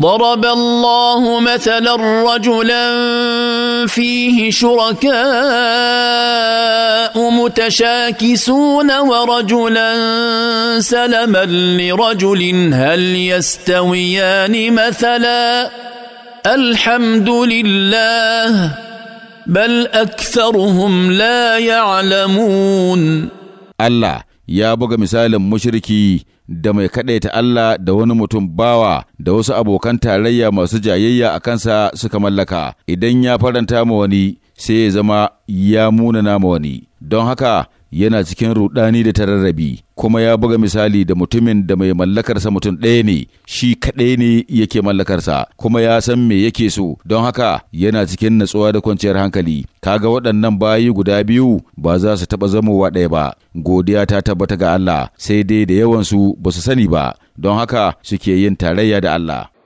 ضرب الله مثلا رجلا فيه شركاء متشاكسون ورجلا سلما لرجل هل يستويان مثلا الحمد لله بل اكثرهم لا يعلمون الله ya buga misalin mushriki da mai kaɗaita Allah da wani mutum bawa da wasu abokan tarayya masu jayayya a kansa suka mallaka idan ya faranta ma wani sai ya zama ya muna ma wani don haka yana cikin rudani da tararrabi kuma ya buga misali da mutumin da mai mallakarsa mutum ɗaya ne shi kaɗai ne yake mallakarsa kuma ya san me yake so don haka yana cikin natsuwa da kwanciyar hankali kaga waɗannan bayi guda biyu ba za su taɓa zamowa ɗaya ba godiya ta tabbata ga Allah sai dai da yawansu ba su sani ba don haka suke yin tarayya da Allah